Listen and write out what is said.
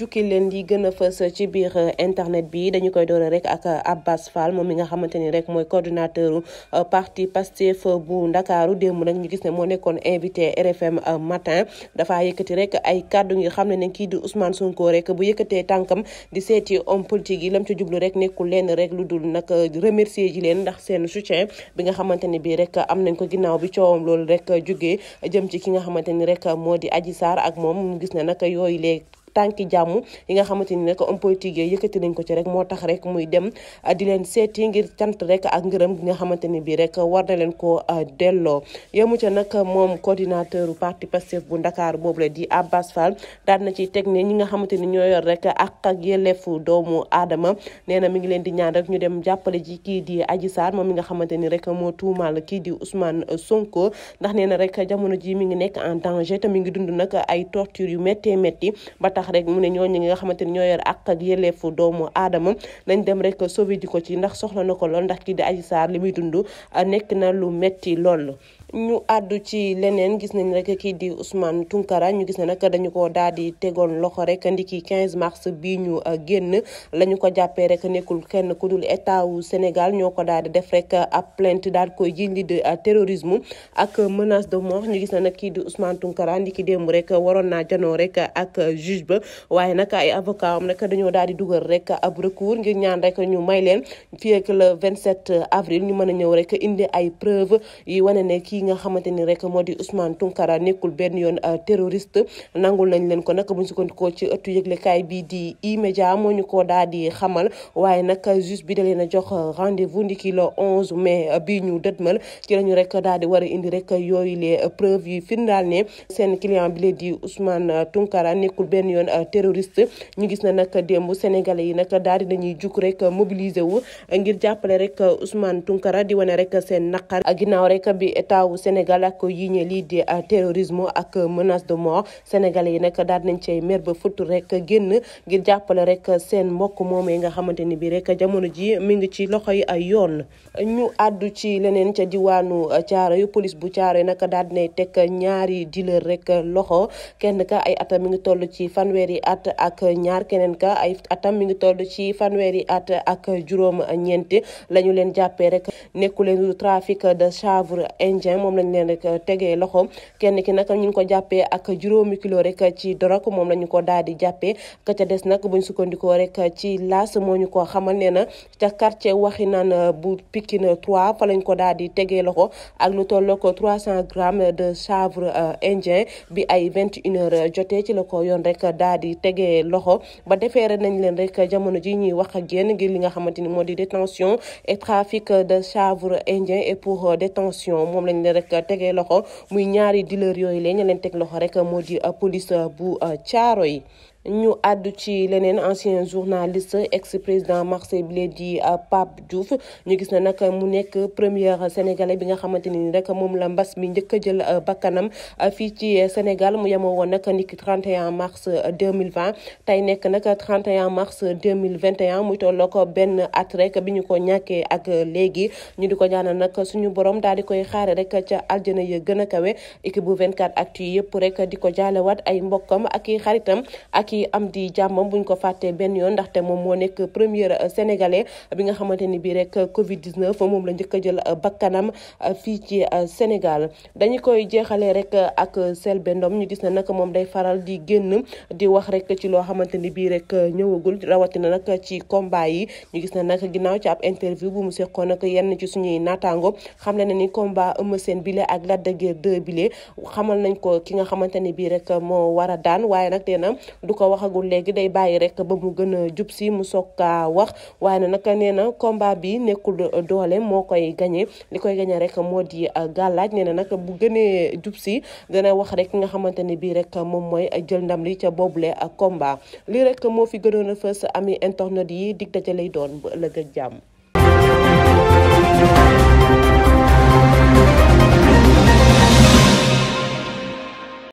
jukki leen di gën a fës ci biir euh, internet bi dañu koy doole rek ak euh, Abbas Fall moom mi nga xamante ni rek mooy coordonnateur euh, parti Pastef bu Ndakaaru démb nag ñu gis ne moo nekkoon invité RFM matin dafa yëkkati rek ay kàddu ngir xam ne ne kii di Ousmane Sonko rek bu yëkkatee tànkam di seeti homme politique yi lam ci jublu rek nekkul leen rek lu dul nag remercier ji leen ndax seen soutien bi nga xamante ni bii rek am nañ ko ginnaaw bi coowam loolu rek jugee jëm ci ki nga xamante ni rek moo di Adji Sarr ak moom gis ne nag yooyu léegi tànki jàmm yi nga xamante ni rek homme politique yi yëkkati nañ ko ci rek moo tax rek muy dem ah, di leen seeti ngir cant rek ak ngërëm gi nga xamante ni bii rek war na leen ko ah, delloo yemu ca nag moom coordinateur parti Pastef bu Ndakaaru boobu la di Abbas Fall daan na ci teg ne ñi nga xamante ni ñoo yor rek a ak yeleefu doomu aadama nee na mi ngi leen di ñaan rek ñu dem jàppale ji kii di Adji Sarr moom mi nga xamante ni rek moo tuumaal kii di Ousmane Sonko ndax nee na rek jamono ji mi ngi nekk en danger te mi ngi dund nag ay torture yu méttee métti ba tax rek mu ne ñooñu nga xamante ni ñoo yor ak ak yelleefu doomu aadama nañ dem rek sauvé ji ko ci ndax soxla na ko lool ndax kii di Adji Sarr li muy dund ah, nekk na lu metti lool. ñu àddu ci leneen gis nañ rek kii ñu gis ne nag ko daal di tegoon loxo rek ndiki 15 mars bii ñu ah, génn la ñu ko jàppee rek nekkul ku dul état wu Sénégal ñoo ko de ah, terrorisme ak menace de mort ñu gis ne nag kii di Ousmane Tounkara ndiki démb rek waroon naa janoo rek ak juge ba waaye nag ay avocat am nag dañoo daal dugal rek ab recours ngir ñaan rek ñu may leen fii ak le 27 avril ñu mën a ñëw rek indi ay preuve yi wane ne kii nga xamante rek moo di Ousmane Tounkara nekkul benn euh, E-Media moo ñu di xamal waaye nag da leen a jox rendez bi ñu dëtmal ci lañu rek daal di a indi rek yooyu les preuves yi firndaal ne yoon euh, terroriste ñu gis na nag démb sénégalais yi nag daal di nañuy juk rek euh, mobiliser wu ngir jàppale rek euh, Ousmane Tounkara di wane rek seen naqar ginnaaw rek bi état wu Sénégal ak yi ñe lii di terrorisme ak menace de mort sénégalais yi nag daal nañ cay mer ba futt rek génn ngir jàppale rek seen mbokk moomee nga xamante ni bi rek jamono ji mi ngi ci loxo yi ay yoon ñu àddu ci leneen ca diwaanu Caaroy police bu Caaroy nag daal dinay teg ñaari dealer rek loxo kenn ka ay atam ngi toll ci fan fanweeri at ak ñaar keneen ka ay atam mi ngi ci fanweeri at ak juróom ñeenti la ñu leen jàppee rek nekku leen trafic de chanvre indien moom lañ leen rek tegee loxo kenn ki nag ñu ngi ko jàppe ak juróomi kilo rek ci dorog moom lañu ko daal di jàppee ka ca des nag buñ sukkandikoo rek ci laas moo ñu ko xamal nee na ca quartier waxi naan bu Pikine 3 fa lañ ko daal di tegee loxo ak lu toll ko 300 grammes de chanvre indien bi ay 21 heures jotee ci la ko yoon rek daa di tegee loxo ba defeere nañ leen rek jamono ji ñuy wax ak yéen ngir li nga xamante ni moo di détention et trafic de chanvre indien et pour détention moom lañ leen rek tegee loxo muy ñaari dealer yooyu leen ña leen teg loxo rek moo di police bu caaro yi ñu àddu ci leneen ancien journaliste ex président Marseille bi di euh, Pape Diouf ñu gis na nag mu nekk première sénégalais bi nga xamante ni rek moom la mbas mi njëkk a jël euh, bakkanam euh, fi ci Sénégal mu yemoo woon nag niki 31 mars 2020 tey nekk nag 31 mars 2021 muy tolloo ko benn at rek bi ñu ko ñàkkee ak léegi ñu di ko ñaanal nag suñu borom daal di koy xaare rek ca aljana ya gën a kawe équipe bu 24 actu yëpp rek di ko waat ay mbokkam ak i xaritam ak ki am di jàmmam buñ ko fàttee benn yoon ndaxte moom moo nekk premier euh, sénégalais bi nga xamante ni bii rek Covid 19 moom la njëkk a jël euh, bakkanam euh, fii ci Sénégal dañu koy jeexalee rek ak Selbé Ndom ñu gis ne nag moom day faral di génn di wax rek ci loo xamante ni bii rek ñëwagul rawatina nag ci combat yi ñu gis na nag ginnaaw ci ab interview bu mu seqoon nag yenn ci suñuy naataango xam na ni combat Eumeu Sène bile ak Lac de Guiers 2 xamal nañ ko ki nga xamante ni bii rek moo war a daan waaye nag dee na ko waxagul léegi day bàyyi rek ba mu gën a jub si mu soog kaa wax waaye nag nee na combat bi nekkul doole moo koy gagné li koy gagné rek moo di euh, gàllaaj nee na nag bu gënee jub si dana wax rek nga xamante ne bii rek moom mooy jël ndam li ca boobule combat lii rek moo fi gënoon a fës ami internet yi dig daje lay doon ba ëllëg jàmm.